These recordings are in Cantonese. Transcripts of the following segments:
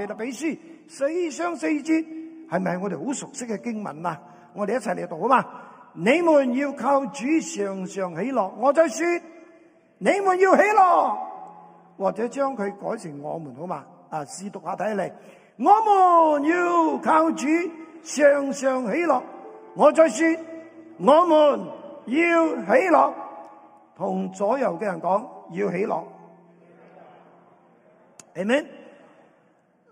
腓立比書，四章四節，係咪我哋好熟悉嘅經文啊？我哋一齊嚟讀啊嘛！你們要靠主常常喜樂，我再說，你們要喜樂，或者將佢改成我們好嘛？啊，試讀下睇嚟，我們要靠主常常喜樂，我再說，我們要喜樂，同左右嘅人講要喜樂，amen。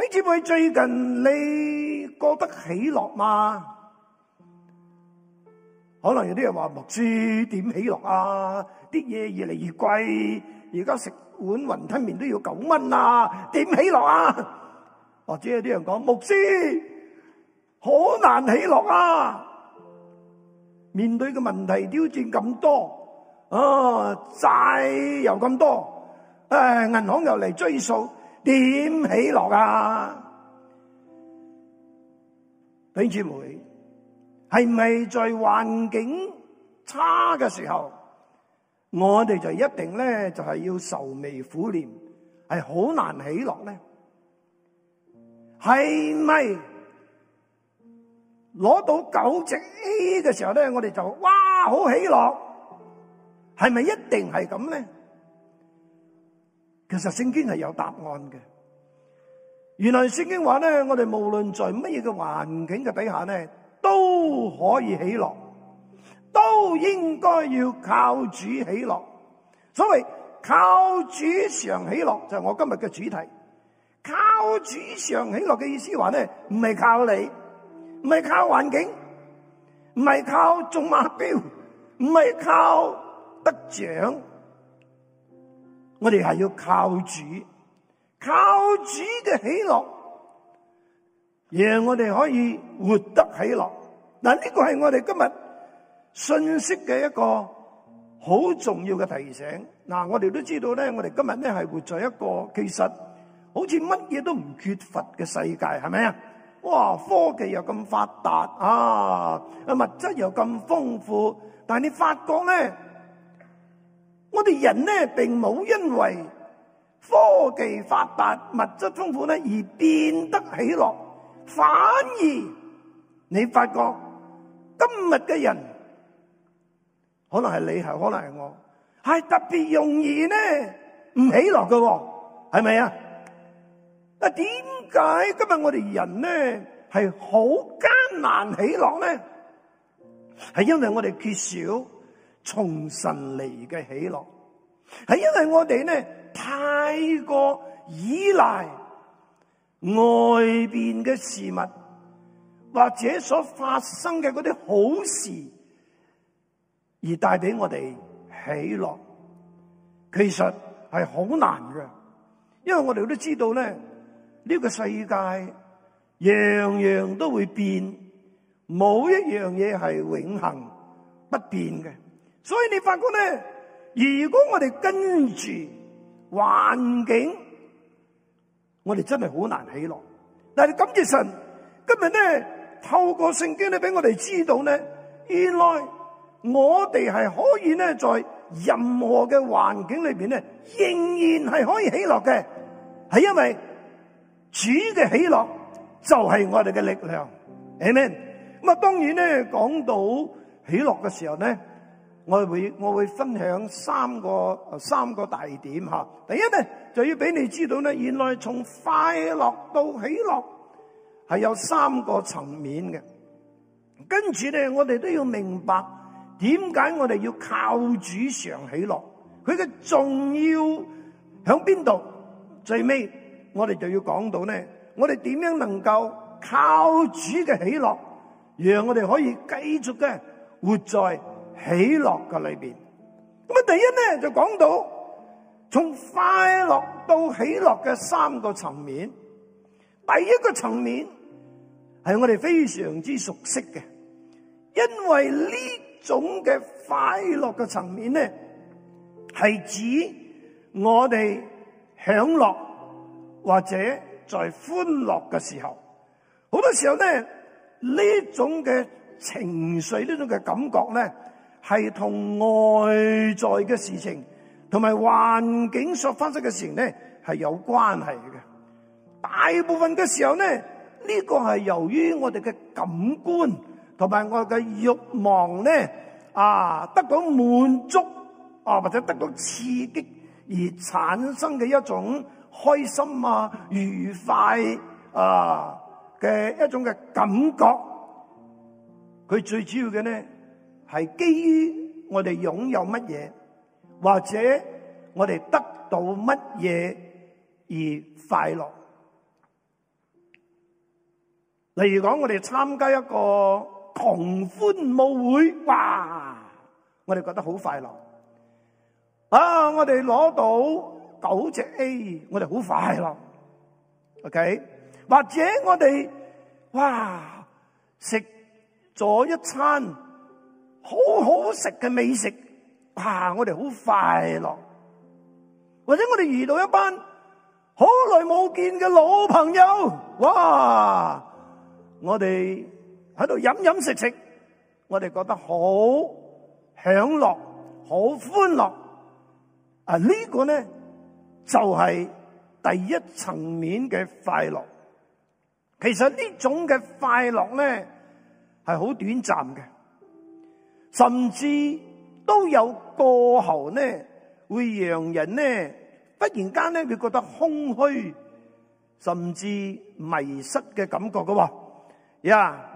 弟兄妹，最近你過得喜樂嘛？可能有啲人話牧師點喜樂啊？啲嘢越嚟越貴，而家食碗雲吞麵都要九蚊啊！點喜樂啊？或者有啲人講牧師好難喜樂啊！面對嘅問題挑戰咁多，啊、哦、債又咁多，誒、哎、銀行又嚟追數。點起落啊！弟兄姊妹，係咪在環境差嘅時候，我哋就一定咧就係要愁眉苦臉，係好難起落咧？係咪攞到九隻 A 嘅時候咧，我哋就哇好起落？係咪一定係咁咧？其實聖經係有答案嘅。原來聖經話咧，我哋無論在乜嘢嘅環境嘅底下咧，都可以喜樂，都應該要靠主喜樂。所謂靠主常喜樂，就係、是、我今日嘅主題。靠主常喜樂嘅意思話咧，唔係靠你，唔係靠環境，唔係靠中馬標，唔係靠得獎。我哋係要靠主，靠主嘅喜樂，讓我哋可以活得喜樂。嗱，呢個係我哋今日信息嘅一個好重要嘅提醒。嗱，我哋都知道咧，我哋今日咧係活在一個其實好似乜嘢都唔缺乏嘅世界，係咪啊？哇，科技又咁發達啊，物質又咁豐富，但係你發覺咧？我哋人咧，並冇因為科技發達、物質豐富咧而變得喜樂，反而你發覺今日嘅人，可能係你，係可能係我，係特別容易咧唔喜樂嘅，係咪啊？啊，點解今日我哋人咧係好艱難喜樂咧？係因為我哋缺少。重神嚟嘅喜樂，係因為我哋咧太過依賴外邊嘅事物或者所發生嘅啲好事而帶俾我哋喜樂，其實係好難嘅。因為我哋都知道咧，呢個世界樣樣都會變，冇一樣嘢係永恒不變嘅。所以你發覺咧，如果我哋跟住環境，我哋真係好難喜樂。但係感謝神，今日咧透過聖經咧俾我哋知道咧，原來我哋係可以咧在任何嘅環境裏邊咧，仍然係可以喜樂嘅，係因為主嘅喜樂就係我哋嘅力量。Amen。咁啊，當然咧講到喜樂嘅時候咧。我會我會分享三個三個大點嚇。第一咧就要俾你知道咧，原來從快樂到喜樂係有三個層面嘅。跟住咧，我哋都要明白點解我哋要靠主常喜樂，佢嘅重要響邊度？最尾我哋就要講到咧，我哋點樣能夠靠主嘅喜樂，讓我哋可以繼續嘅活在喜樂嘅裏邊，咁啊，第一咧就講到從快樂到喜樂嘅三個層面。第一個層面係我哋非常之熟悉嘅，因為呢種嘅快樂嘅層面咧，係指我哋享樂或者在歡樂嘅時候，好多時候咧，呢種嘅情緒呢種嘅感覺咧。係同外在嘅事情，同埋環境所發生嘅事情咧，係有關係嘅。大部分嘅時候咧，呢個係由於我哋嘅感官同埋我嘅慾望咧，啊，得到滿足啊，或者得到刺激而產生嘅一種開心啊、愉快啊嘅一種嘅感覺。佢最主要嘅咧。係基於我哋擁有乜嘢，或者我哋得到乜嘢而快樂。例如講，我哋參加一個狂歡舞會，哇！我哋覺得好快樂。啊，我哋攞到九隻 A，我哋好快樂。OK，或者我哋哇，食咗一餐。好好食嘅美食，哇、啊！我哋好快樂，或者我哋遇到一班好耐冇見嘅老朋友，哇！我哋喺度飲飲食食，我哋覺得好享樂，好歡樂。啊，呢、呢個呢就係、係、第一層面嘅快樂。其實呢種嘅快樂呢係好短暫嘅。甚至都有過後咧，會讓人咧，忽然間咧，佢覺得空虛，甚至迷失嘅感覺噶喎。呀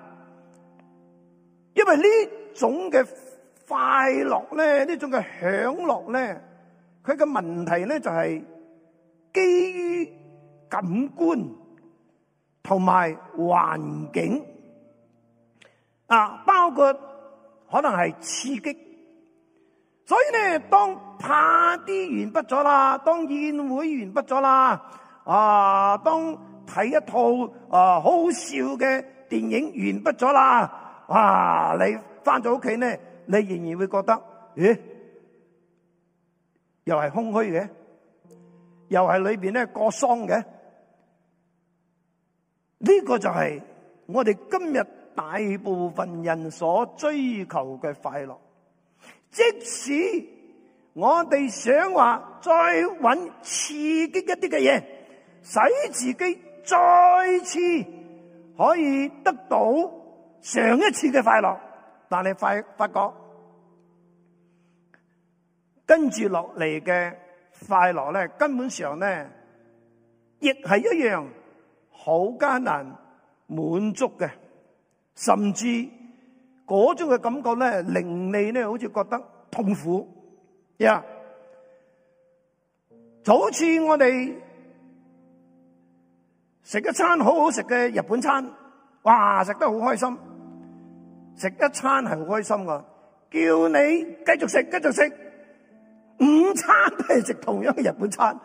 ，yeah，因為呢種嘅快樂咧，呢種嘅享樂咧，佢嘅問題咧就係基於感官同埋環境啊，包括。可能係刺激，所以咧，當派啲完畢咗啦，當宴會完畢咗啦，啊，當睇一套啊好，好笑嘅電影完畢咗啦，哇、啊！你返咗屋企咧，你仍然會覺得，咦？又係空虛嘅，又係裏邊咧過喪嘅，呢、這個就係我哋今日。大部分人所追求嘅快樂，即使我哋想話再揾刺激一啲嘅嘢，使自己再次可以得到上一次嘅快樂，但係發發覺跟住落嚟嘅快樂咧，根本上咧亦係一樣好艱難滿足嘅。甚至嗰種嘅感覺咧，令你咧好似覺得痛苦，呀！就好似我哋食一餐好好食嘅日本餐，哇！食得好開心，食一餐係開心噶，叫你繼續食，繼續食，午餐都係食同樣嘅日本餐，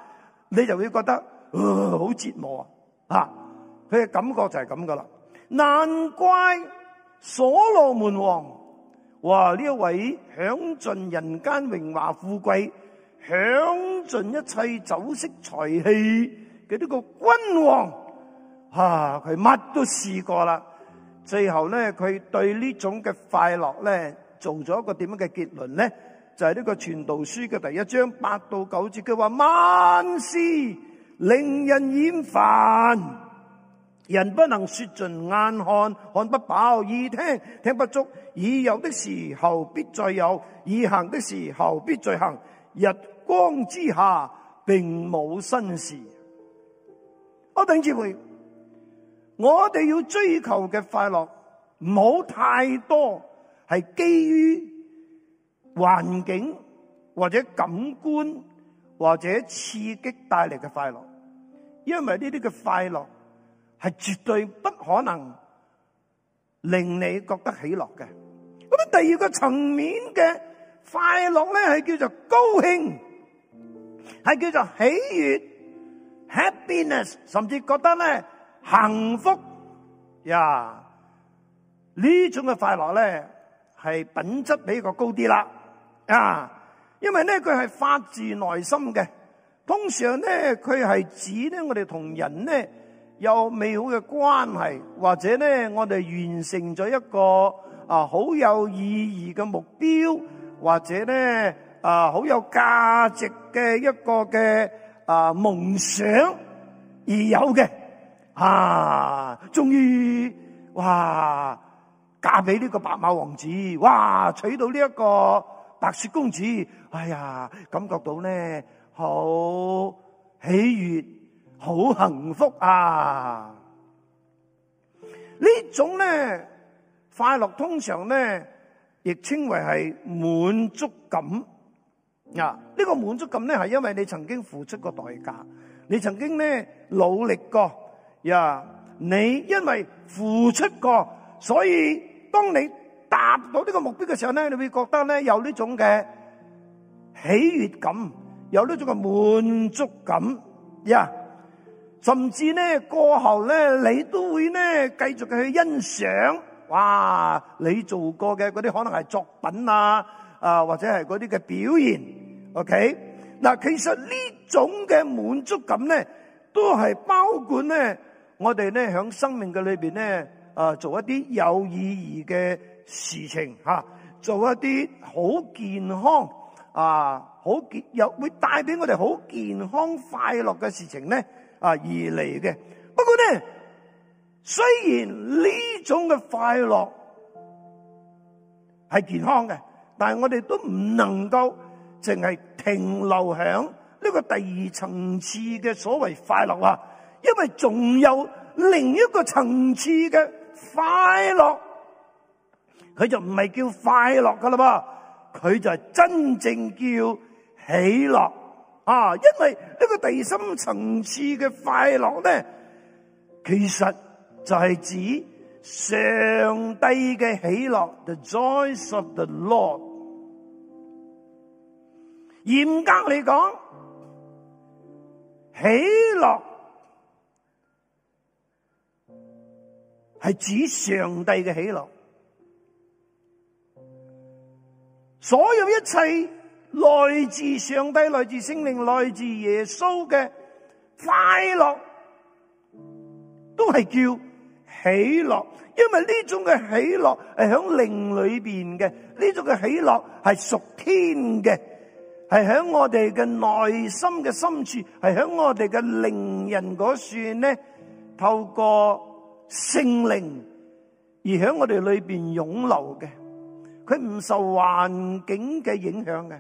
你就會覺得，好、呃、折磨啊！嚇，佢嘅感覺就係咁噶啦。難怪所羅門王話，呢一位享盡人間榮華富貴、享盡一切酒色財氣嘅呢個君王，啊，佢乜都試過啦。最後咧，佢對呢種嘅快樂咧，做咗一個點樣嘅結論咧，就係呢個傳道書嘅第一章八到九節，佢話萬事令人厭煩。人不能說盡，眼看看不飽，耳聽聽不足。已有的時候必再有，已行的時候必再行。日光之下，並無新事。我頂住會，我哋要追求嘅快樂，唔好太多，係基於環境或者感官或者刺激帶嚟嘅快樂，因為呢啲嘅快樂。係絕對不可能令你覺得喜樂嘅。咁、那個、第二個層面嘅快樂咧，係叫做高興，係叫做喜悅 （happiness），甚至覺得咧幸福呀。Yeah, 這種呢種嘅快樂咧，係品質比較高啲啦。啊、yeah，因為咧佢係發自內心嘅。通常咧佢係指咧我哋同人咧。有美好嘅關係，或者咧，我哋完成咗一個啊好有意義嘅目標，或者咧啊好有價值嘅一個嘅啊夢想而有嘅，啊終於哇嫁俾呢個白馬王子，哇娶到呢一個白雪公主，哎呀感覺到咧好喜悅。好幸福啊！種呢種咧快樂，通常咧亦稱為係滿足感。啊，呢、這個滿足感咧係因為你曾經付出過代價，你曾經咧努力過呀、啊。你因為付出過，所以當你達到呢個目標的嘅時候咧，你會覺得咧有呢種嘅喜悅感，有呢種嘅滿足感呀。啊甚至咧過後咧，你都會咧繼續去欣賞哇！你做過嘅嗰啲可能係作品啊，啊或者係嗰啲嘅表現，OK？嗱，其實呢種嘅滿足感咧，都係包括咧我哋咧喺生命嘅裏邊咧啊，做一啲有意義嘅事情、啊、做一啲好健康啊，好健有會帶俾我哋好健康快樂嘅事情咧。啊，而嚟嘅。不過咧，雖然呢種嘅快樂係健康嘅，但係我哋都唔能夠淨係停留響呢個第二層次嘅所謂快樂啊，因為仲有另一個層次嘅快樂，佢就唔係叫快樂噶啦噃，佢就真正叫喜樂。啊，因為這個層呢個第深層次嘅快樂咧，其實就係指上帝嘅喜樂，The joy of the Lord。嚴格嚟講，喜樂係指上帝嘅喜樂，所有一切，來自上帝、來自聖靈、來自耶穌嘅快樂，都係叫喜樂，因為呢種嘅喜樂係響靈裏邊嘅。呢種嘅喜樂係屬天嘅，係響我哋嘅內心嘅深處，係響我哋嘅靈人嗰咧，透過聖靈而響我哋裏邊湧流嘅，佢唔受環境嘅影響嘅。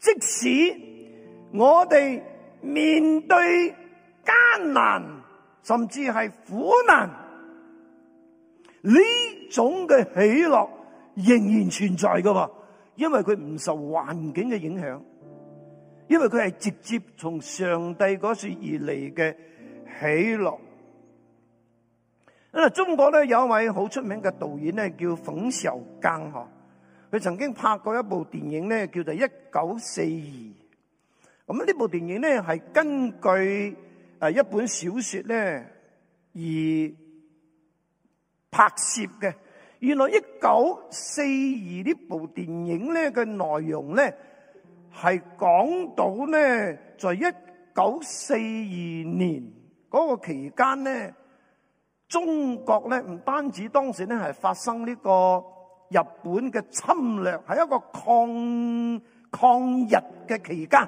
即使我哋面對艱難，甚至係苦難，呢種嘅喜樂仍然存在噶喎，因為佢唔受環境嘅影響，因為佢係直接從上帝嗰處而嚟嘅喜樂。中國咧有一位好出名嘅導演咧叫馮小剛，嗬。佢曾經拍過一部電影咧，叫做《一九四二》。咁呢部電影咧，係根據誒一本小説咧而拍攝嘅。原來《一九四二》呢部電影咧嘅內容咧，係講到咧，在一九四二年嗰個期間咧，中國咧唔單止當時咧係發生呢、這個。日本嘅侵略係一個抗抗日嘅期間，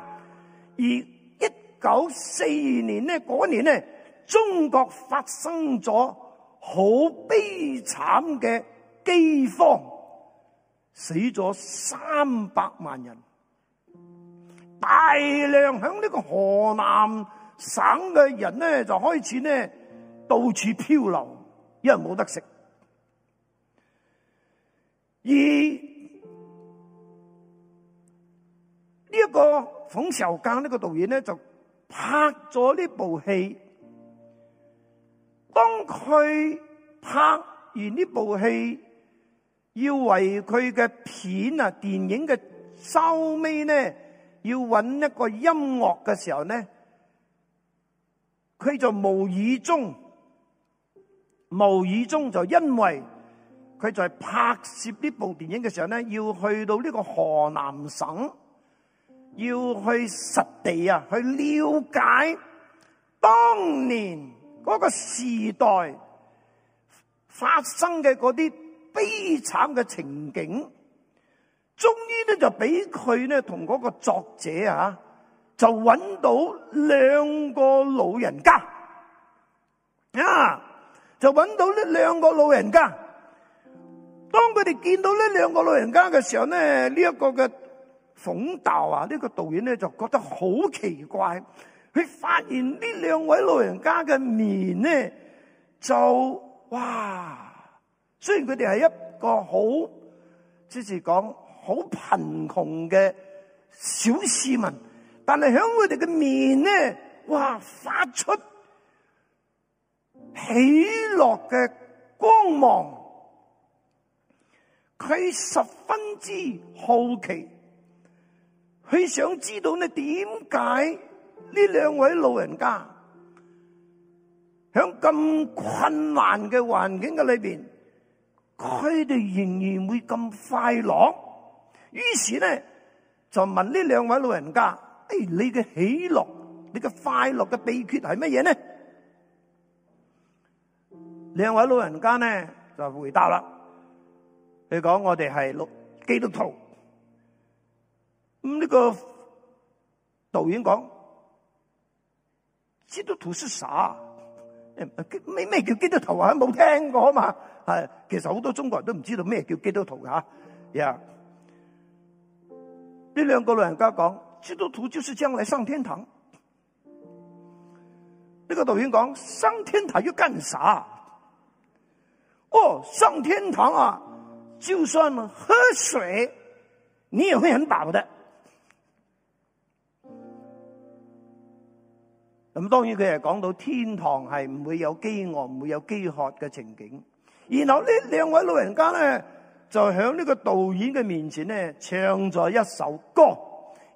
而一九四二年呢嗰年呢，中國發生咗好悲慘嘅饑荒，死咗三百萬人，大量響呢個河南省嘅人咧就開始咧到處漂流，因為冇得食。而呢一，這個馮小剛呢個導演咧，就拍咗呢部戲。當佢拍完呢部戲，要為佢嘅片啊，電影嘅收尾咧，要揾一個音樂嘅時候咧，佢就無意中、無意中就因為。佢在拍攝呢部電影嘅時候咧，要去到呢個河南省，要去實地啊，去了解當年嗰個時代發生嘅啲悲慘嘅情景。終於咧就俾佢咧同個作者啊，就揾到兩個老人家啊，就揾到呢兩個老人家。當佢哋見到呢兩個老人家嘅時候咧，呢、這、一個嘅導道啊，呢、這個導演咧就覺得好奇怪。佢發現呢兩位老人家嘅面咧，就哇，雖然佢哋係一個好，即是講好貧窮嘅小市民，但係響佢哋嘅面咧，哇，發出喜樂嘅光芒。佢十分之好奇，佢想知道呢點解呢兩位老人家響咁困難嘅環境嘅裏邊，佢哋仍然會咁快樂。於是呢就問呢兩位老人家，誒、哎，你嘅喜樂，你嘅快樂嘅秘訣係乜嘢呢？兩位老人家呢就回答啦。你講，我哋係基督徒，咁、那、呢個導演講，基督徒是啥？咩咩叫基督徒啊？冇聽過嘛？係，其實好多中國人都唔知道咩叫基督徒吓、啊，呀！呢兩個老人家講，基督徒就是將來上天堂。呢、那個導演講，上天堂要幹啥？哦，上天堂啊！就算喝水，你也會很飽的。咁當然佢係講到天堂係唔會有饑餓、唔會有饑渴嘅情景。然後呢兩位老人家呢，就喺呢個導演嘅面前呢，唱咗一首歌。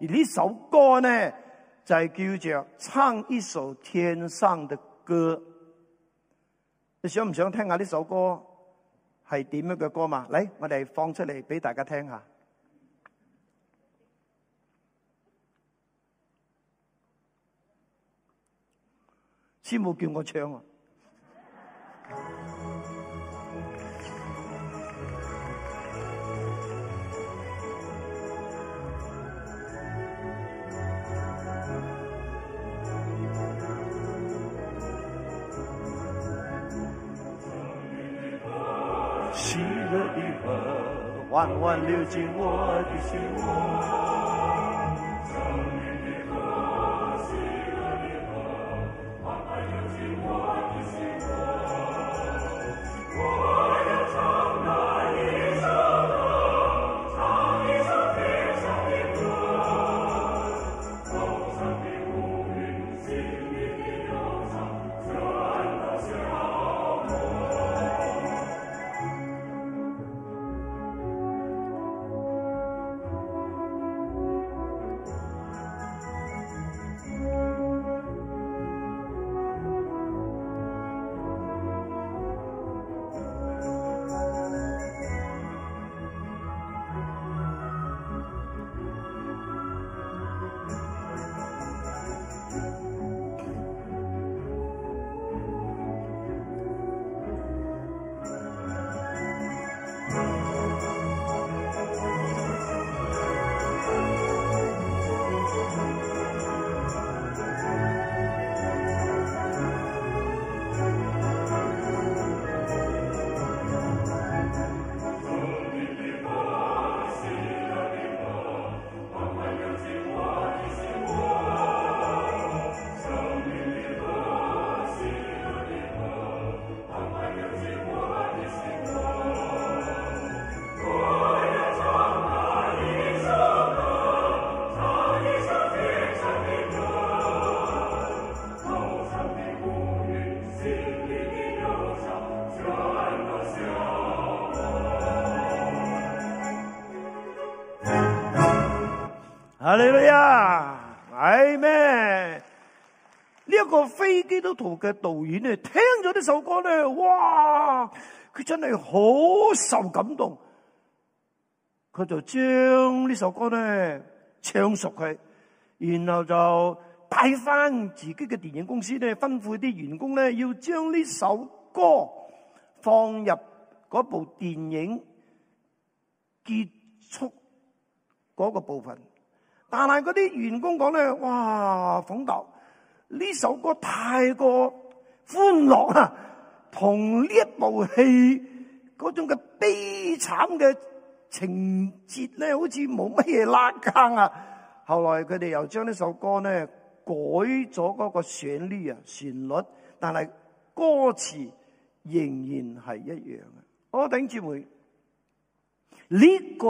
而呢首歌呢，就係叫做唱一首天上的歌。你想唔想聽下呢首歌？係點樣嘅歌嘛？嚟，我哋放出嚟俾大家聽下先，冇叫我唱啊！緩緩流進我的心窩。嘅導演咧，聽咗呢首歌咧，哇！佢真係好受感動，佢就將呢首歌咧唱熟佢，然後就帶翻自己嘅電影公司咧，吩咐啲員工咧要將呢首歌放入嗰部電影結束嗰個部分。但係嗰啲員工講咧，哇！馮導。呢首歌太過歡樂啊，同呢一部戲嗰種嘅悲慘嘅情節咧，好似冇乜嘢拉更啊！後來佢哋又將呢首歌咧改咗嗰個旋律啊，旋律，但係歌詞仍然係一樣嘅。弟兄姊妹，呢、這個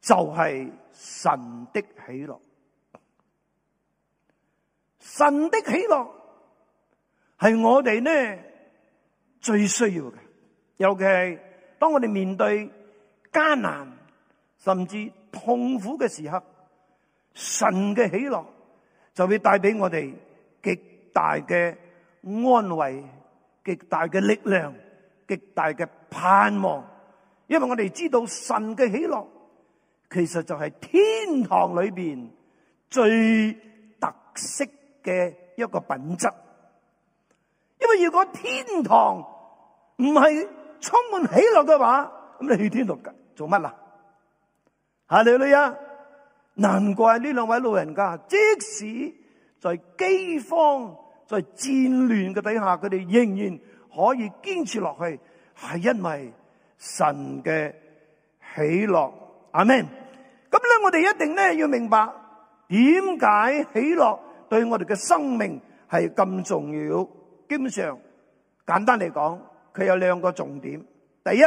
就係神的喜樂。神的喜樂係我哋咧最需要嘅，尤其係當我哋面對艱難甚至痛苦嘅時刻，神嘅喜樂就會帶畀我哋極大嘅安慰、極大嘅力量、極大嘅盼望。因為我哋知道神嘅喜樂其實就係天堂裏邊最特色嘅。嘅一個品質，因為如果天堂唔係充滿喜樂嘅話，咁你去天堂做乜啊？係咪啊？難怪呢兩位老人家，即使在饑荒、在戰亂嘅底下，佢哋仍然可以堅持落去，係因為神嘅喜樂。阿門，咁咧，我哋一定咧要明白點解喜樂。對我哋嘅生命係咁重要，基本上簡單嚟講，佢有兩個重點。第一，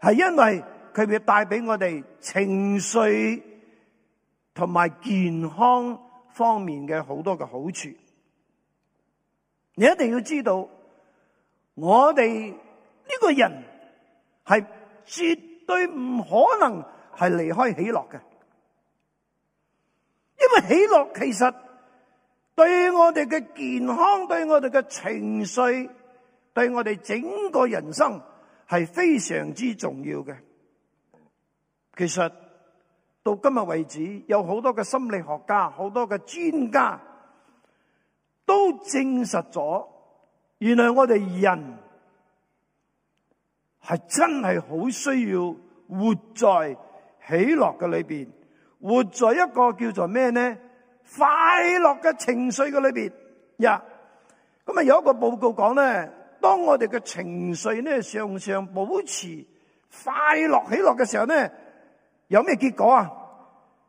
係因為佢會帶俾我哋情緒同埋健康方面嘅好多嘅好處。你一定要知道，我哋呢個人係絕對唔可能係離開喜樂嘅，因為喜樂其實。對我哋嘅健康，對我哋嘅情緒，對我哋整個人生係非常之重要嘅。其實到今日為止，有好多嘅心理學家、好多嘅專家都證實咗，原來我哋人係真係好需要活在喜樂嘅裏邊，活在一個叫做咩呢？快樂嘅情緒嘅裏邊，呀，咁啊有一個報告講咧，當我哋嘅情緒咧常常保持快樂起落嘅時候咧，有咩結果啊？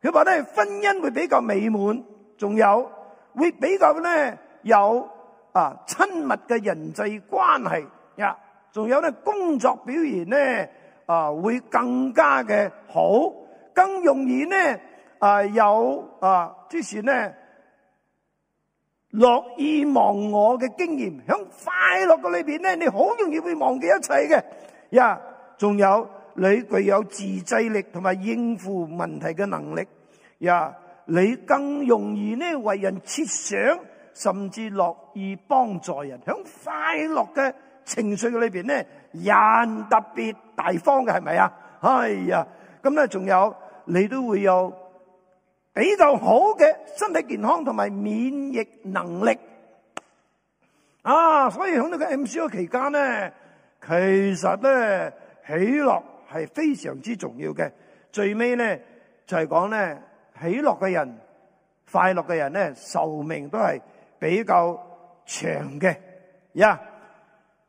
佢話咧婚姻會比較美滿，仲有會比較咧有啊親密嘅人際關係，呀、yeah.，仲有咧工作表現咧啊會更加嘅好，更容易咧。啊有啊，之前咧樂意忘我嘅經驗，響快樂嘅裏邊咧，你好容易會忘記一切嘅。呀、yeah.，仲有你具有自制力同埋應付問題嘅能力。呀、yeah.，你更容易咧為人設想，甚至樂意幫助人。響快樂嘅情緒裏邊咧，人特別大方嘅係咪啊？係呀，咁咧仲有你都會有。比較好嘅身體健康同埋免疫能力啊，所以喺呢個 MCO 期間咧，其實咧喜樂係非常之重要嘅。最尾咧就係講咧喜樂嘅人、快樂嘅人咧壽命都係比較長嘅。呀，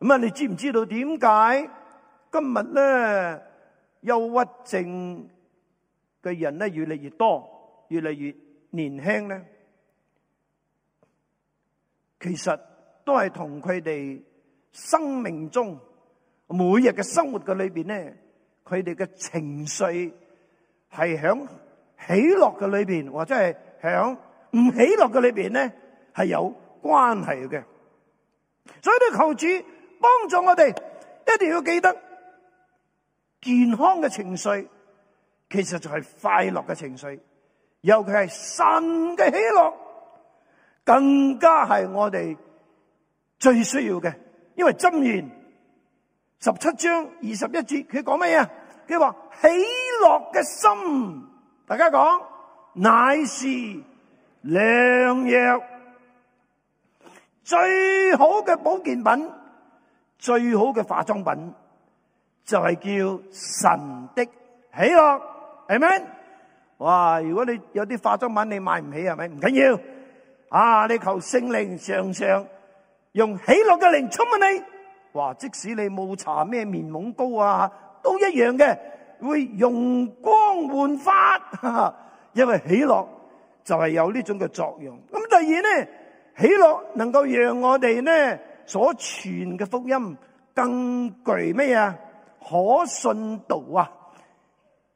咁啊，你知唔知道點解今日咧憂鬱症嘅人咧越嚟越多？越嚟越年輕咧，其實都係同佢哋生命中每日嘅生活嘅裏邊咧，佢哋嘅情緒係響喜樂嘅裏邊，或者係響唔喜樂嘅裏邊咧，係有關係嘅。所以咧，求主幫助我哋，一定要記得健康嘅情緒，其實就係快樂嘅情緒。尤其係神嘅喜樂，更加係我哋最需要嘅。因為箴言十七章二十一節，佢講乜嘢？佢話喜樂嘅心，大家講，乃是良藥。最好嘅保健品，最好嘅化妝品，就係、是、叫神的喜樂。阿們哇！如果你有啲化妝品你買唔起係咪？唔緊要，啊！你求聖靈常常用喜樂嘅靈充滿你。哇！即使你冇搽咩面膜膏,膏啊，都一樣嘅，會容光煥發哈哈，因為喜樂就係有呢種嘅作用。咁第二咧，喜樂能夠讓我哋咧所傳嘅福音更具咩啊？可信度啊！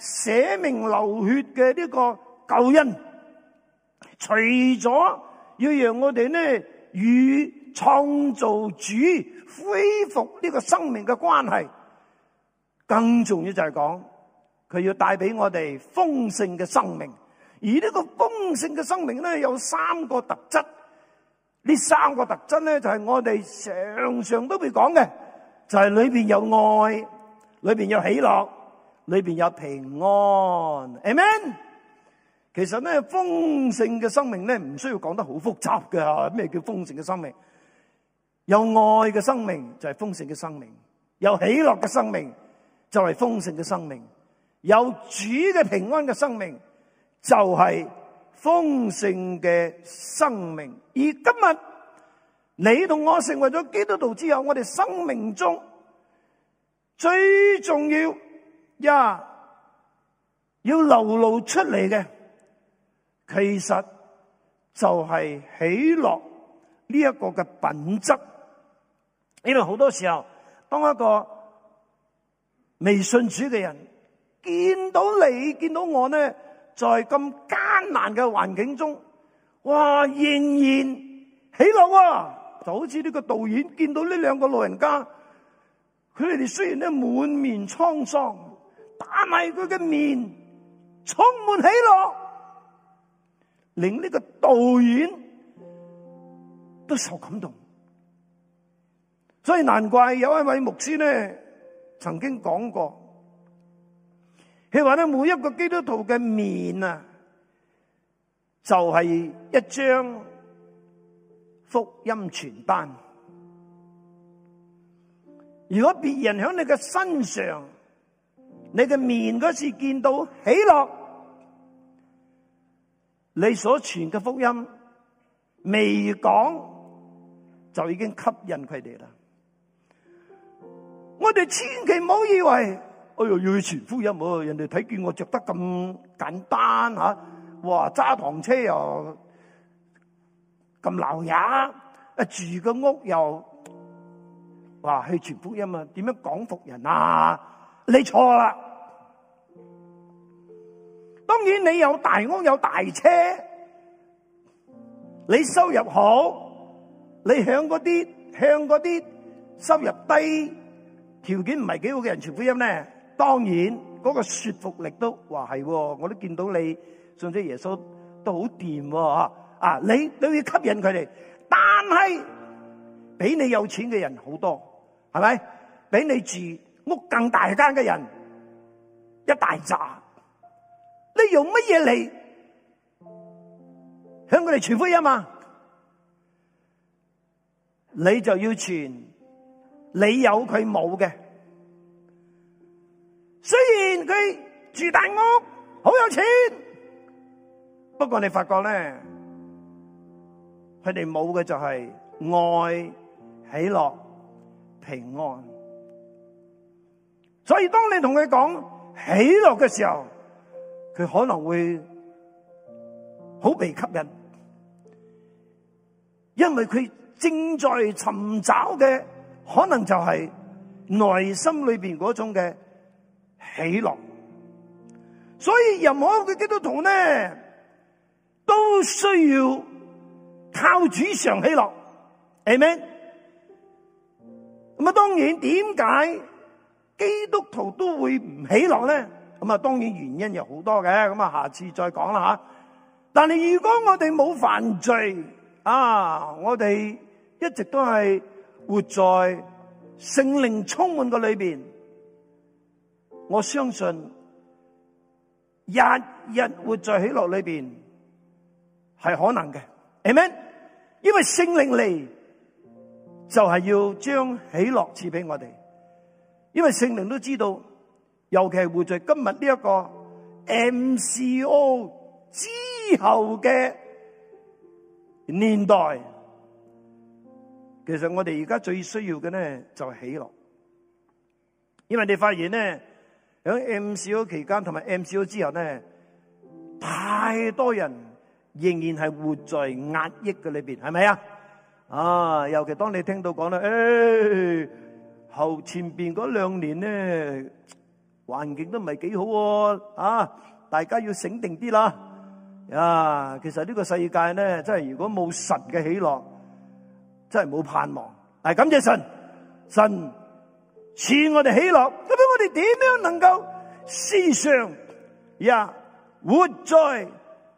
捨命流血嘅呢個救恩，除咗要讓我哋呢與創造主恢復呢個生命嘅關係，更重要就係講佢要帶俾我哋豐盛嘅生命。而呢個豐盛嘅生命呢，有三個特質。呢三個特質呢，就係、是、我哋常常都會講嘅，就係、是、裏邊有愛，裏邊有喜樂。裏邊有平安，Amen。其實咧豐盛嘅生命咧唔需要講得好複雜㗎，咩叫豐盛嘅生命？有愛嘅生命就係豐盛嘅生命，有喜樂嘅生命就係豐盛嘅生命，有主嘅平安嘅生命就係豐盛嘅生命。而今日你同我成為咗基督徒之後，我哋生命中最重要。一、yeah, 要流露出嚟嘅，其實就係喜樂呢一個嘅品質。因為好多時候，當一個未信主嘅人見到你見到我呢，在咁艱難嘅環境中，哇，仍然喜樂啊！就好似呢個導演見到呢兩個老人家，佢哋雖然咧滿面滄桑。打埋佢嘅面，充滿喜樂，令呢個導演都受感動。所以難怪有一位牧師呢曾經講過，佢話咧每一個基督徒嘅面啊，就係一張福音傳單。如果別人喺你嘅身上，你嘅面嗰時見到喜樂，你所傳嘅福音未講就已經吸引佢哋啦。我哋千祈唔好以為，哎呦要傳福音，我人哋睇見我着得咁簡單吓，啊，哇揸糖車又咁流，也，啊住個屋又話去傳福音啊，點樣講服人啊？你錯啦！當然你有大屋有大車，你收入好，你向嗰啲向嗰啲收入低、條件唔係幾好嘅人傳福音咧，當然嗰個說服力都話係，我都見到你信咗耶穌都好掂，啊！你都要吸引佢哋，但係俾你有錢嘅人好多，係咪？俾你住。屋更大間嘅人，一大扎，你用乜嘢嚟向佢哋傳福音嘛？你就要傳，你有佢冇嘅。雖然佢住大屋，好有錢，不過你發覺咧，佢哋冇嘅就係愛、喜樂、平安。所以當你同佢講喜樂嘅時候，佢可能會好被吸引，因為佢正在尋找嘅可能就係內心裏邊嗰種嘅喜樂。所以任何一個基督徒呢，都需要靠主常喜樂，係咪？咁啊，當然點解？為什麼基督徒都會唔喜樂咧，咁啊，當然原因有好多嘅，咁啊，下次再講啦吓。但係如果我哋冇犯罪啊，我哋一直都係活在聖靈充滿嘅裏邊，我相信日日活在喜樂裏邊係可能嘅，Amen。因為聖靈嚟，就係要將喜樂賜俾我哋。因為聖靈都知道，尤其係活在今日呢一個 MCO 之後嘅年代，其實我哋而家最需要嘅咧就係喜樂。因為你發現咧，喺 MCO 期間同埋 MCO 之後咧，太多人仍然係活在壓抑嘅裏邊，係咪啊？啊，尤其當你聽到講咧，誒。後前邊嗰兩年咧，環境都唔係幾好啊！大家要醒定啲啦。啊，其實呢個世界咧，真係如果冇神嘅喜樂，真係冇盼望。但係感謝神，神賜我哋喜樂。咁樣我哋點樣能夠時常呀活在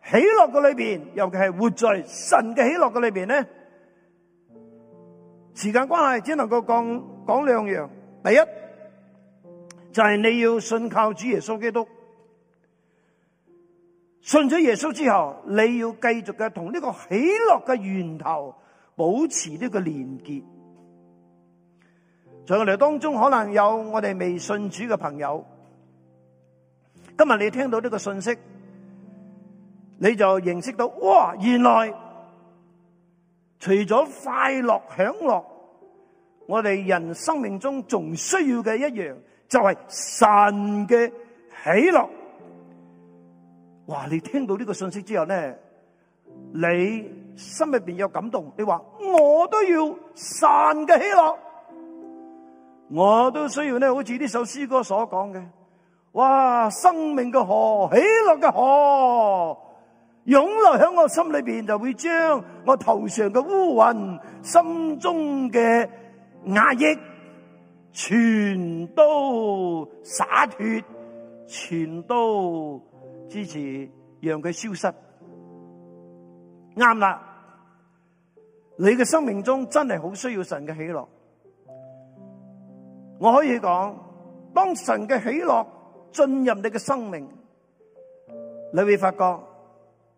喜樂嘅裏邊？尤其係活在神嘅喜樂嘅裏邊咧？時間關係只能夠講講兩樣，第一就係你要信靠主耶穌基督，信咗耶穌之後，你要繼續嘅同呢個喜樂嘅源頭保持呢個連結。在我哋當中可能有我哋未信主嘅朋友，今日你聽到呢個信息，你就認識到哇，原來。除咗快樂享樂，我哋人生命中仲需要嘅一樣就係、是、神嘅喜樂。哇！你聽到呢個信息之後咧，你心入邊有感動，你話我都要神嘅喜樂，我都需要咧。好似呢首詩歌所講嘅，哇！生命嘅河，喜樂嘅河。」湧來喺我心裏邊，就會將我頭上嘅烏雲、心中嘅壓抑，全都灑脫，全都支持，讓佢消失。啱啦！你嘅生命中真係好需要神嘅喜樂。我可以講，當神嘅喜樂進入你嘅生命，你會發覺。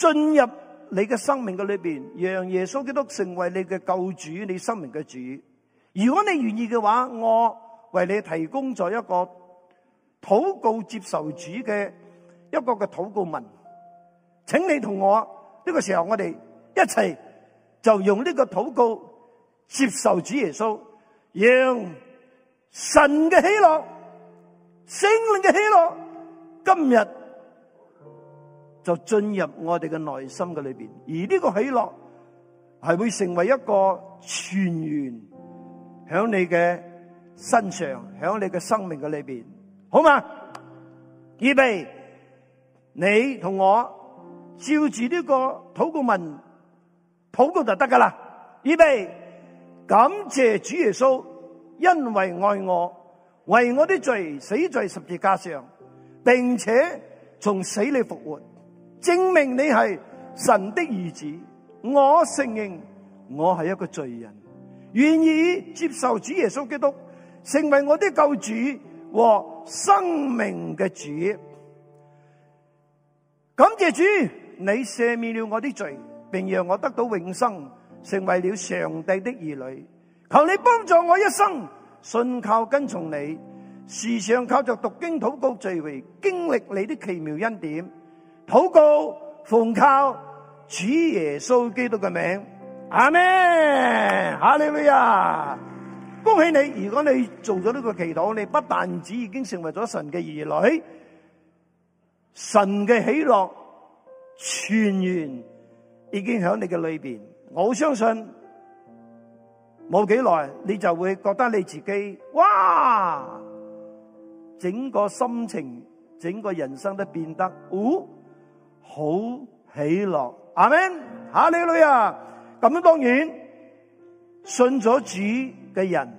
進入你嘅生命嘅裏邊，讓耶穌基督成為你嘅救主，你生命嘅主。如果你願意嘅話，我為你提供咗一個禱告接受主嘅一個嘅禱告文，請你同我呢個時候，我哋一齊就用呢個禱告接受主耶穌，讓神嘅喜樂、聖靈嘅喜樂，今日。就進入我哋嘅內心嘅裏邊，而呢個喜樂係會成為一個泉源，響你嘅身上，響你嘅生命嘅裏邊，好嘛？預備，你同我照住呢個禱告文禱告就得噶啦。預備，感謝主耶穌，因為愛我，為我啲罪死在十字架上，並且從死裏復活。證明你係神的兒子，我承認我係一個罪人，願意接受主耶穌基督成為我的救主和生命嘅主。感謝主，你赦免了我的罪，並讓我得到永生，成為了上帝的兒女。求你幫助我一生信靠跟從你，時常靠着讀經禱告聚會，經歷你的奇妙恩典。禱告奉靠主耶穌基督嘅名，阿咩，哈利路亞，恭喜你！如果你做咗呢個祈禱，你不但止已經成為咗神嘅兒女，神嘅喜樂全員已經響你嘅裏邊。我相信冇幾耐，你就會覺得你自己哇，整個心情、整個人生都變得嗚、哦好喜樂，阿們，哈利路亞，咁當然，信咗主嘅人，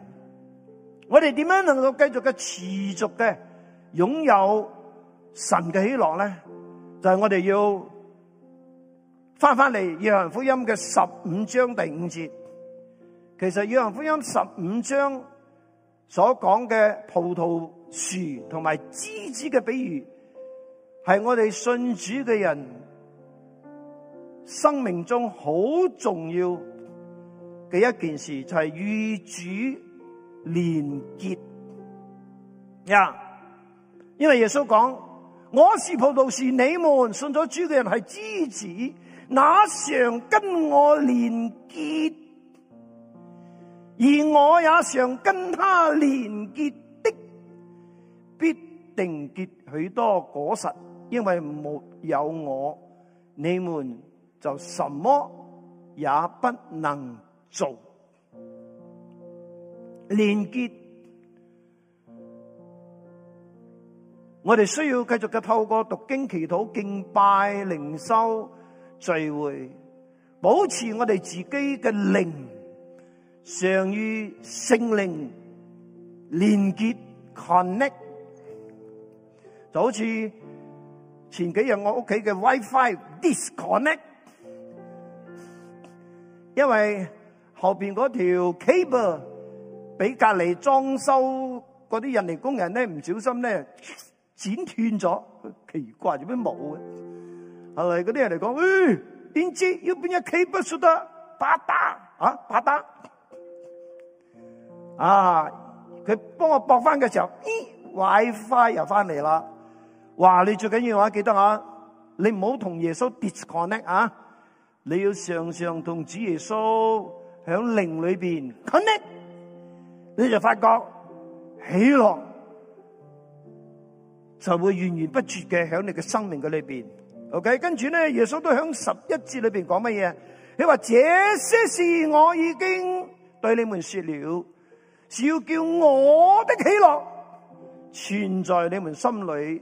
我哋點樣能夠繼續嘅持續嘅擁有神嘅喜樂咧？就係、是、我哋要翻翻嚟《約翰福音》嘅十五章第五節。其實《約翰福音》十五章所講嘅葡萄樹同埋枝子嘅比喻。係我哋信主嘅人生命中好重要嘅一件事，就係、是、與主連結 yeah, 因為耶穌講：我是葡萄樹，你們信咗主嘅人係枝子，那常跟我連結，而我也常跟他連結的，必定結許多果實。因為沒有我，你們就什麼也不能做。連結，我哋需要繼續嘅透過讀經、祈禱、敬拜、靈修聚會，保持我哋自己嘅靈常與聖靈連結，connect 就好似。前幾日我屋企嘅 WiFi disconnect，因為後邊嗰條 cable 俾隔籬裝修嗰啲人力工人咧唔小心咧剪斷咗，奇怪做咩冇嘅？後來嗰啲人嚟講，咦、哎，點知有要邊條 cable 掃得啪嗒，啊？打打啊！佢幫我駁翻嘅時候，咦，WiFi 又翻嚟啦～話你最緊要嘅話，記得啊，你唔好同耶穌 disconnect 啊，你要常常同主耶穌響靈裏邊 connect，你就發覺喜樂就會源源不絕嘅響你嘅生命嘅裏邊。OK，跟住咧，耶穌都響十一節裏邊講乜嘢？你話：這些事我已經對你們說了，是要叫我的喜樂存在你們心裏。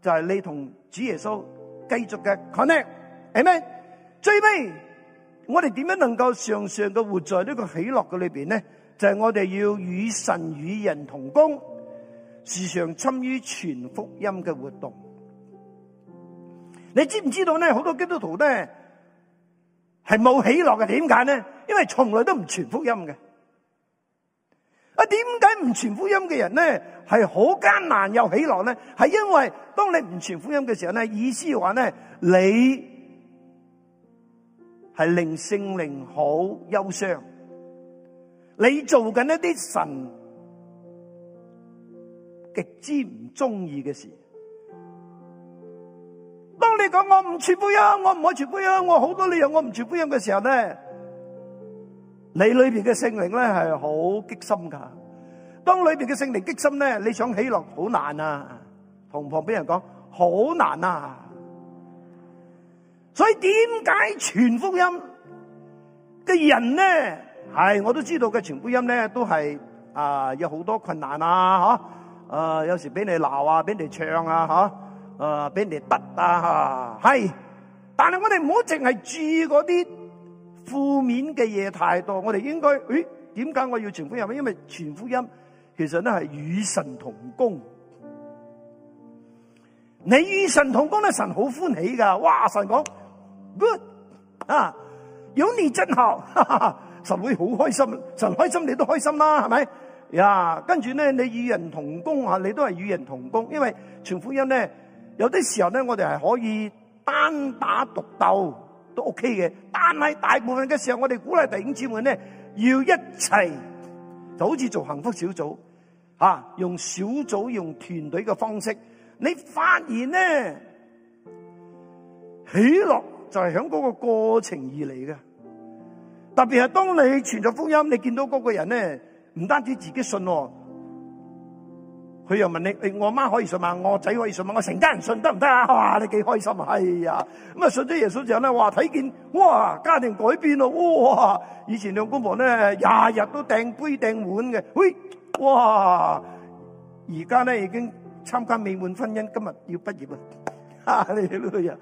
就係、是、你同主耶穌繼續嘅 connect，係咩。最尾我哋點樣能夠常常嘅活在呢個喜樂嘅裏邊呢？就係、是、我哋要與神與人同工，時常參與傳福音嘅活動。你知唔知道呢？好多基督徒咧係冇喜樂嘅，點解呢？因為從來都唔傳福音嘅。啊！點解唔傳福音嘅人呢？係好艱難又喜樂呢？係因為當你唔傳福音嘅時候呢，意思話呢，你係令聖靈好憂傷，你做緊一啲神極之唔中意嘅事。當你講我唔傳福音，我唔可以傳福音，我好多理由我唔傳福音嘅時候呢，你裏邊嘅聖靈咧係好激心噶，當裏邊嘅聖靈激心咧，你想起落好難啊！同旁邊人講好難啊！所以點解傳福音嘅人咧係我都知道嘅？傳福音咧都係啊有好多困難啊！啊有時俾你鬧啊，俾人唱啊，嗬，誒俾人哋突啊，係、啊，但係我哋唔好淨係注意嗰啲。負面嘅嘢太多，我哋應該，誒、哎，點解我要傳福音？因為傳福音其實咧係與神同工。你與神同工咧，神好歡喜噶哇！神講 good 啊，有你真好，神會好開心，神開心你都開心啦，係咪？呀，跟住咧你與人同工啊，你都係與人同工，因為傳福音咧，有啲時候咧，我哋係可以單打獨鬥。都 OK 嘅，但係大部分嘅時候，我哋鼓勵弟兄姊妹咧，要一齊就好似做幸福小組，吓、啊、用小組、用團隊嘅方式，你發現咧，喜樂就係響個過程而嚟嘅。特別係當你傳咗福音，你見到嗰個人咧，唔單止自己信、哦。佢又問你：你我媽可以信嗎？我仔可以信嗎？我成家人信得唔得啊？哇！你幾開心啊！哎呀！咁啊，信咗耶穌之後咧，哇！睇見哇，家庭改變咯！哇！以前兩公婆咧，日日都掟杯掟碗嘅，喂！哇！而家咧已經參加美滿婚姻，今日要畢業啦！哇！你哋女人啊！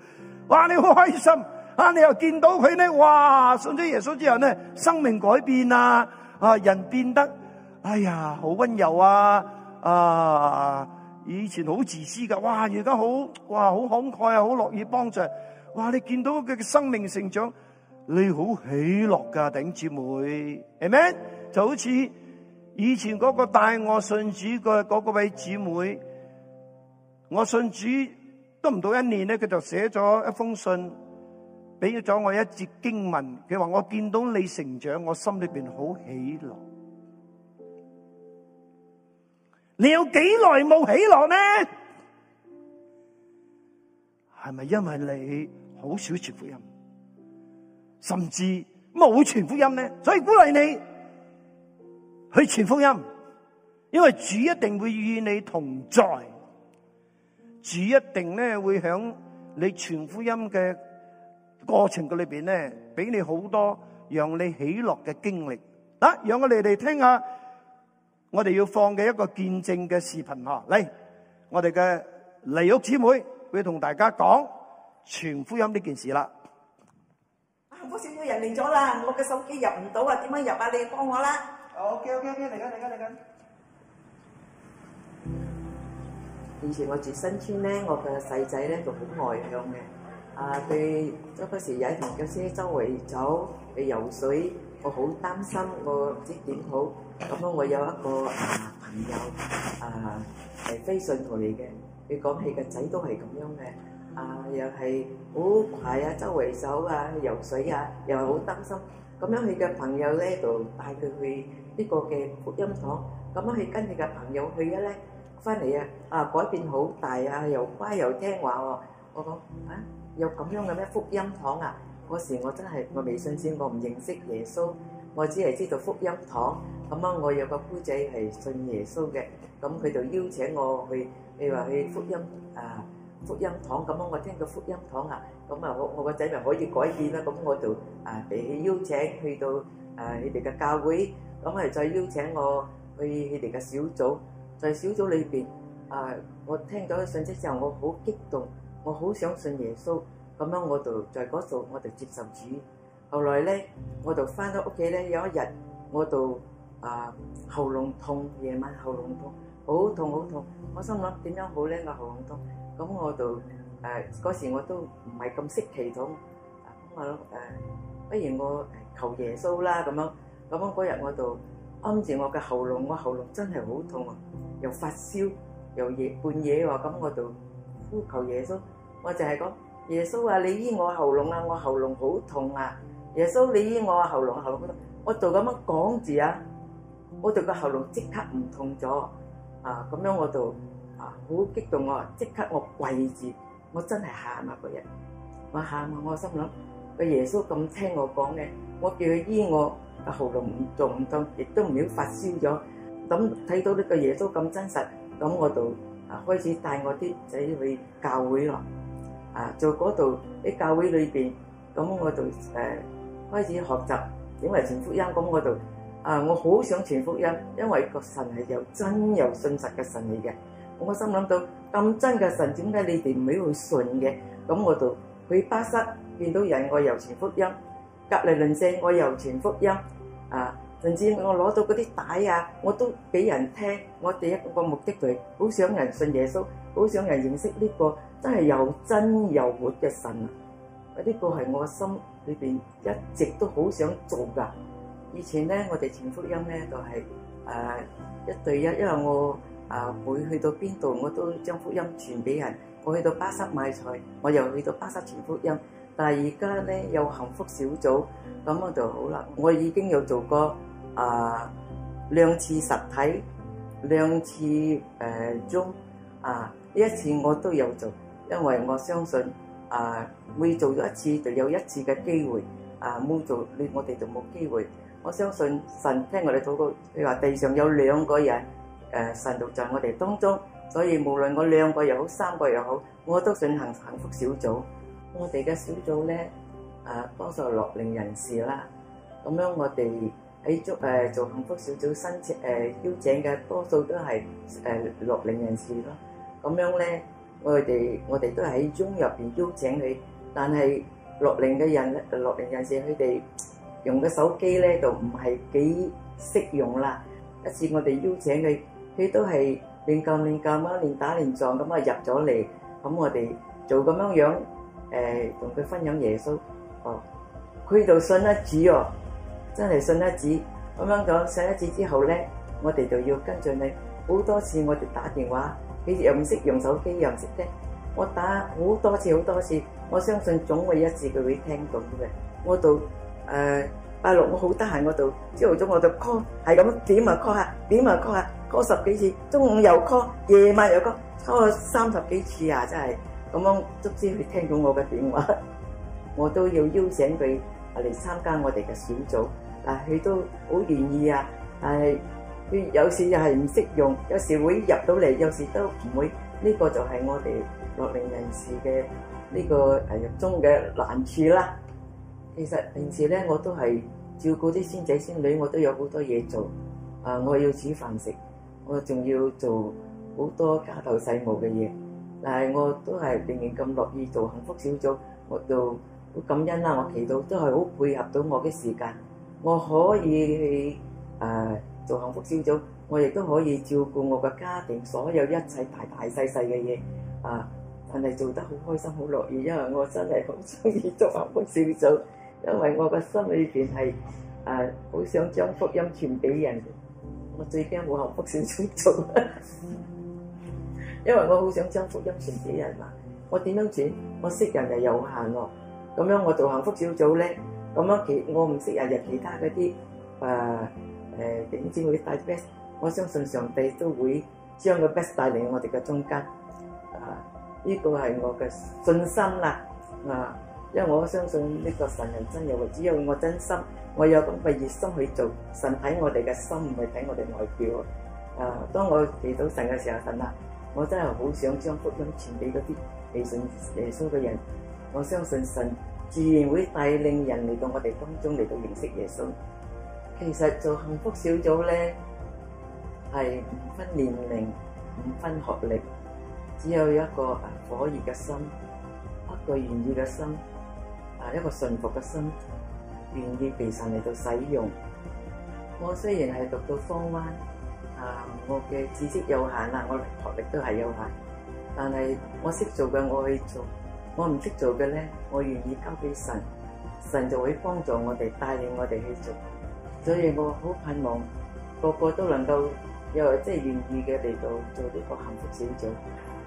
哇！你好開心啊！你又見到佢咧，哇！信咗耶穌之後咧，生命改變啊！啊，人變得，哎呀，好温柔啊！啊！以前好自私噶，哇！而家好哇，好慷慨啊，好樂意幫助。哇！你見到佢嘅生命成長，你好喜樂噶，頂姊妹，amen。就好似以前嗰個帶我信主嘅嗰個位姊妹，我信主都唔到一年咧，佢就寫咗一封信，俾咗我一節經文，佢話我見到你成長，我心裏邊好喜樂。你有幾耐冇喜樂呢？係咪因為你好少傳福音，甚至冇傳福音呢？所以鼓勵你去傳福音，因為主一定會與你同在，主一定呢會響你傳福音嘅過程嘅裏邊呢，俾你好多讓你喜樂嘅經歷。嗱，讓我哋嚟聽下。我哋要放嘅一個見證嘅視頻嗬，嚟，我哋嘅黎玉姊妹會同大家講傳福音呢件事啦。啊，好少妹人嚟咗啦，我嘅手機入唔到啊，點樣入啊？你幫我啦。好，好，好，好，嚟緊，嚟緊，嚟緊。以前我住新村咧，我嘅細仔咧就好外向嘅。啊，佢嗰時踩住腳車周圍走，去游水，我好擔心，我唔知點好。咁啊，我有一個啊朋友啊係非信徒嚟嘅，佢講起個仔都係咁樣嘅，啊又係好快啊，周圍走啊，游水啊，又係好擔心。咁樣佢嘅朋友咧就帶佢去呢個嘅福音堂。咁啊，佢跟佢嘅朋友去咗咧，翻嚟啊啊改變好大啊，又乖又聽話喎，啊。我講啊，有咁樣嘅咩福音堂啊？嗰時候我真係我未信先，我唔認識耶穌。我只係知道福音堂，咁啊，我有個姑仔係信耶穌嘅，咁佢就邀請我去，譬如話去福音啊福音堂，咁啊，我聽到福音堂啊，咁啊，我我個仔咪可以改變啦，咁我就啊俾佢邀請去到啊你哋嘅教會，咁啊再邀請我去佢哋嘅小組，在小組裏邊啊，我聽到信息之後，我好激動，我好想信耶穌，咁樣我就在嗰度我就接受主。後來咧，我就返到屋企咧。有一日，我度啊、呃、喉嚨痛，夜晚喉嚨痛，好痛好痛，好痛。我心諗點樣好咧？我喉嚨痛，咁我就誒嗰、呃、時我都唔係咁識祈禱，我誒、呃、不如我求耶穌啦咁樣。咁樣嗰日我就按住我嘅喉嚨，我喉嚨真係好痛啊！又發燒，又夜半夜喎，咁我就呼求耶穌，我就係講耶穌啊！你醫我喉嚨啊！我喉嚨好痛啊！耶穌，你醫我喉嚨喉嚨骨痛，我就咁樣講住啊，我就個喉嚨即刻唔痛咗，啊，咁樣我就啊好激動，我啊即刻我跪住，我真係喊啊嗰日，我喊啊，我心諗個耶穌咁聽我講嘅，我叫佢醫我喉嚨仲唔痛，亦都唔曉發燒咗，咁睇到呢個耶穌咁真實，咁我就啊開始帶我啲仔去教會咯，啊，做嗰度啲教會裏邊，咁我就誒。開始學習點嚟傳福音，咁我就啊，我好想傳福音，因為個神係又真又信實嘅神嚟嘅。我心諗到咁真嘅神，點解你哋唔去信嘅？咁我就去巴士見到人，我又傳福音；隔籬鄰舍，我又傳福音。啊，甚至我攞到嗰啲帶啊，我都俾人聽。我第一個目的就係、是、好想人信耶穌，好想人認識呢、這個真係又真又活嘅神。呢、這個係我心。裏邊一直都好想做㗎。以前呢，我哋傳福音呢就係誒一對一，因為我啊會、呃、去到邊度我都將福音傳俾人。我去到巴塞買菜，我又去到巴塞傳福音。但係而家呢，有幸福小組，咁我就好啦。我已經有做過啊兩、呃、次實體，兩次誒、呃、中啊呢一次我都有做，因為我相信。啊！每做咗一次就有一次嘅機會啊，冇做你我哋就冇機會。我相信神聽我哋禱告，你話地上有兩個人，誒、啊、神就在我哋當中，所以無論我兩個又好，三個又好，我都進行幸福小組。我哋嘅小組咧，啊幫助樂齡人士啦，咁樣我，我哋喺度誒做幸福小組申請誒邀請嘅多數都係誒、啊、樂齡人士咯，咁樣咧。我哋我哋都喺中入邊邀請佢，但係落零嘅人，落零人士佢哋用嘅手機咧就唔係幾識用啦。一次我哋邀請佢，佢都係亂撳亂撳啊，亂打亂撞咁啊入咗嚟。咁我哋做咁樣樣，誒同佢分享耶穌，哦，佢就信得主哦，真係信得主。咁樣講信得主之後咧，我哋就要跟著你。好多次我哋打電話。佢又唔識用手機，又唔識聽。我打好多次好多次，我相信總會一次佢會聽到嘅。我度誒拜六我好得閒，我度朝頭早我就 call，係咁點啊 call 下，點啊 call 下，call 十幾次。中午又 call，夜晚又 call，call 咗三十幾次啊！真係咁樣，足之佢聽到我嘅電話。我都要邀請佢嚟參加我哋嘅小組，但係佢都好願意啊，但係。有時又係唔識用，有時會入到嚟，有時都唔會。呢、這個就係我哋落嚟人士嘅呢、這個誒中嘅難處啦。其實平時咧，我都係照顧啲孫仔孫女，我都有好多嘢做。啊、呃，我要煮飯食，我仲要做好多家頭細務嘅嘢。但係我都係仍然咁樂意做幸福小組，我就好感恩啦。我祈禱都係好配合到我嘅時間，我可以去誒。呃做幸福小組，我亦都可以照顧我嘅家庭，所有一切大大細細嘅嘢啊，但係做得好開心，好樂意，因為我真係好中意做幸福小組，因為我個心裏邊係啊，好想將福音傳俾人。我最驚冇幸福小組做，因為我好想將福音傳俾人嘛！我點樣傳？我識人就有限喎，咁樣我做幸福小組咧，咁樣其我唔識人，又其他嗰啲啊～誒、呃、點知會帶 best？我相信上帝都會將、呃這個 best 帶嚟我哋嘅中間。啊！呢個係我嘅信心啦。啊、呃，因為我相信呢個神人真有愛，只有我真心，我有咁嘅熱心去做。神睇我哋嘅心，唔係睇我哋外表。啊、呃！當我祈到神嘅時候，神啊，我真係好想將福音傳俾嗰啲未信耶穌嘅人。我相信神自然會帶領人嚟到我哋當中嚟到認識耶穌。其實做幸福小組咧，係唔分年齡、唔分學歷，只有一個啊火熱嘅心，一個願意嘅心，啊一個信服嘅心，願意被神嚟到使用。我雖然係讀到方灣，啊我嘅知識有限啦，我學歷都係有限，但係我識做嘅我去做，我唔識做嘅咧，我願意交俾神，神就會幫助我哋帶領我哋去做。所以我好盼望個個都能夠有即係願意嘅嚟到做呢個幸福小組，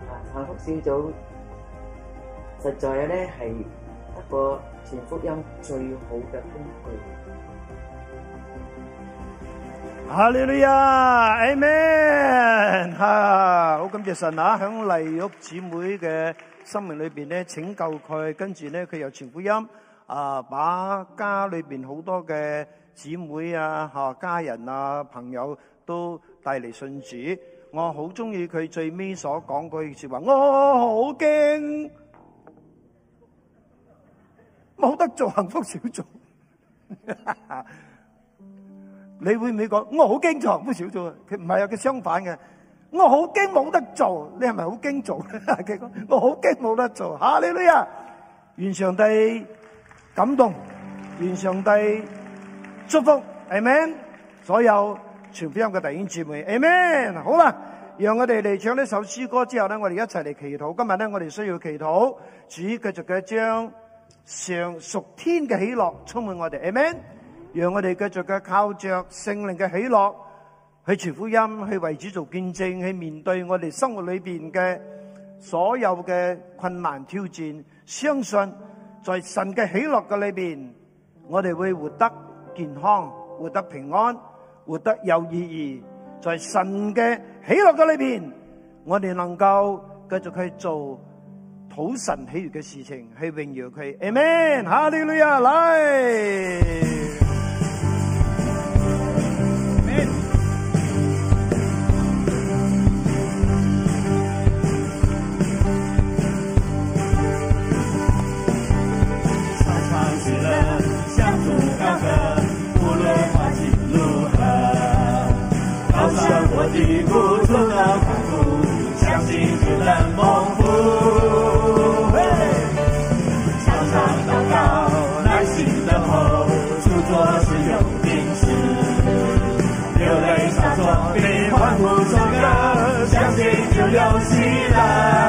啊幸福小組實在咧係一個傳福音最好嘅工具。哈利路亞，Amen！吓，好感謝神啊！響麗玉姊妹嘅生命裏邊咧，拯救佢，跟住咧佢又傳福音。啊！把家裏邊好多嘅姊妹啊、嚇家人啊、朋友都帶嚟信主。我好中意佢最尾所講嗰句説話。我好驚冇得做幸福小組。你會唔會講我好驚做幸福小組啊？佢唔係有佢相反嘅，我好驚冇得做。你係咪好驚做？佢講我好驚冇得做嚇你女啊！願上帝。感動，願上帝祝福，Amen！所有傳福音嘅弟兄姊妹，Amen！好啦，讓我哋嚟唱呢首詩歌之後咧，我哋一齊嚟祈禱。今日咧，我哋需要祈禱，主繼續嘅將常屬天嘅喜樂充滿我哋，Amen！讓我哋繼續嘅靠着聖靈嘅喜樂去傳福音，去為主做見證，去面對我哋生活裏邊嘅所有嘅困難挑戰，相信。在神嘅喜樂嘅裏邊，我哋會活得健康、活得平安、活得有意義。在神嘅喜樂嘅裏邊，我哋能夠繼續去做討神喜悅嘅事情，去榮耀佢。Amen！哈利路亞，嚟。無論環境如何，高山或低谷，都要付出。相信你的夢不會。向上登高，耐心等候，執着是有定時。流淚撒種的歡呼收割，相信就有希望。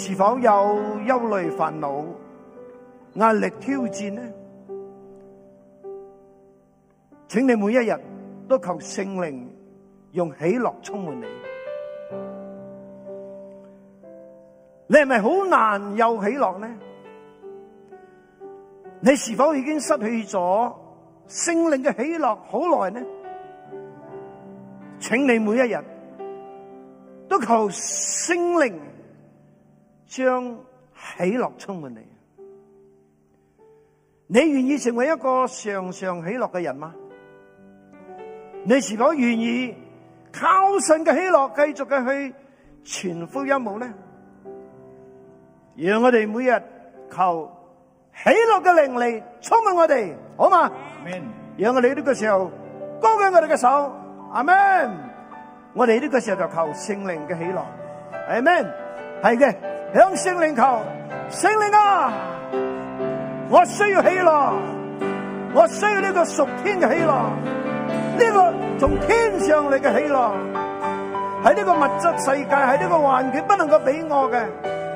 是否有憂慮、煩惱、壓力、挑戰呢？請你每一日都求聖靈用喜樂充滿你。你係咪好難又喜樂呢？你是否已經失去咗聖靈嘅喜樂好耐呢？請你每一日都求聖靈。將喜樂充滿你，你願意成為一個常常喜樂嘅人嗎？你是否願意靠神嘅喜樂繼續嘅去傳福音呢？讓我哋每日求喜樂嘅靈力充滿我哋，好嘛？Amen. 讓我哋呢個時候高舉我哋嘅手，阿 Man，我哋呢個時候就求聖靈嘅喜樂，阿 Man，係嘅。向聖靈求，聖靈啊！我需要喜樂，我需要呢個屬天嘅喜樂，呢個從天上嚟嘅喜樂，喺呢個物質世界，喺呢個環境不能夠俾我嘅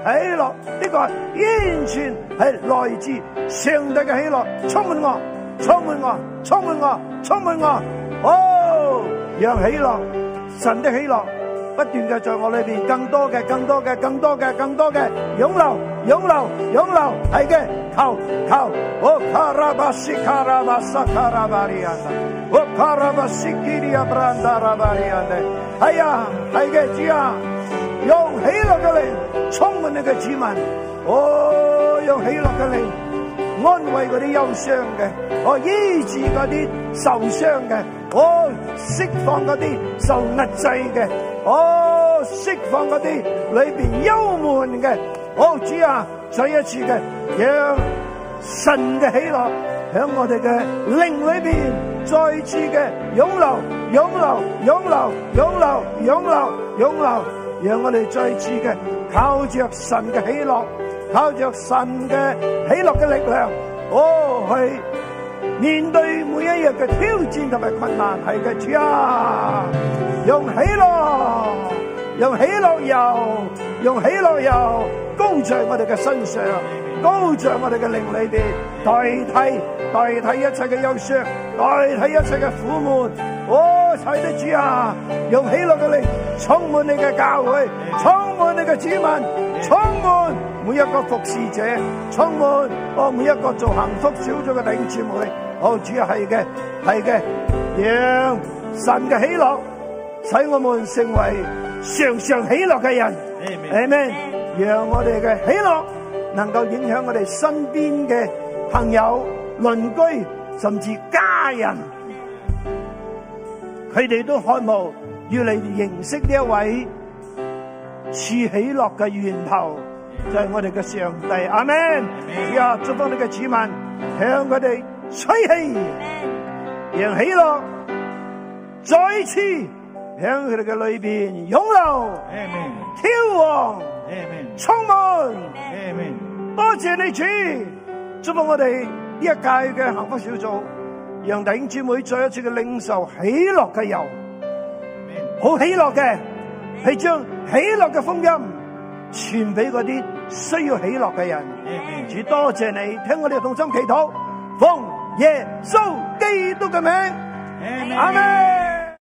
喜樂，呢個完全係來自上帝嘅喜樂，充滿我，充滿我，充滿我，充滿我，充滿我，哦，讓喜樂，神的喜樂。不斷嘅在我裏邊，更多嘅，更多嘅，更多嘅，更多嘅湧流，湧流，湧流，係嘅，求，求，我卡拉巴斯，卡拉巴斯，卡拉利亞，我卡拉巴斯、哦，基利亞，布拉達利亞嘅，係啊，係嘅，主啊，用喜樂嘅靈充滿你嘅子民，哦，用喜樂嘅靈安慰嗰啲憂傷嘅，醫治嗰啲受傷嘅，我我釋放嗰啲受壓制嘅。哦、oh，釋放嗰啲裏邊幽悶嘅，哦、oh, 主啊，再一次嘅，讓神嘅喜樂響我哋嘅靈裏邊再次嘅湧流、湧流、湧流、湧流、湧流、湧流、流，讓我哋再次嘅靠着神嘅喜樂，靠着神嘅喜樂嘅力量，哦、oh, 去面對每一日嘅挑戰同埋困難，係嘅主啊！用喜樂，用喜樂油，用喜樂油膏在我哋嘅身上，膏在我哋嘅靈裏邊，代替代替一切嘅憂傷，代替一切嘅苦悶。哦，親愛的主啊，用喜樂嘅靈充滿你嘅教會，充滿你嘅子民，充滿每一個服侍者，充滿我每一個做幸福小組嘅領袖們。哦，主係啊，係嘅，係嘅，讓神嘅喜樂。使我們成為常常喜樂嘅人，阿門。讓我哋嘅喜樂能夠影響我哋身邊嘅朋友、鄰居，甚至家人，佢哋都渴慕要嚟認識呢一位賜喜樂嘅源頭，Amen, 就係我哋嘅上帝。阿門。呀，祝福你嘅子民，向佢哋吹氣，Amen, 讓喜樂再次。響佢哋嘅裏邊湧流，天王充滿，多謝你主，祝福我哋呢一屆嘅幸福小組，讓弟兄姊妹再一次嘅領受喜樂嘅游，好喜樂嘅，係將喜樂嘅福音傳俾嗰啲需要喜樂嘅人。Amen，主多謝你，聽我哋嘅同心祈禱，奉耶穌基督嘅名，阿門。Amen Amen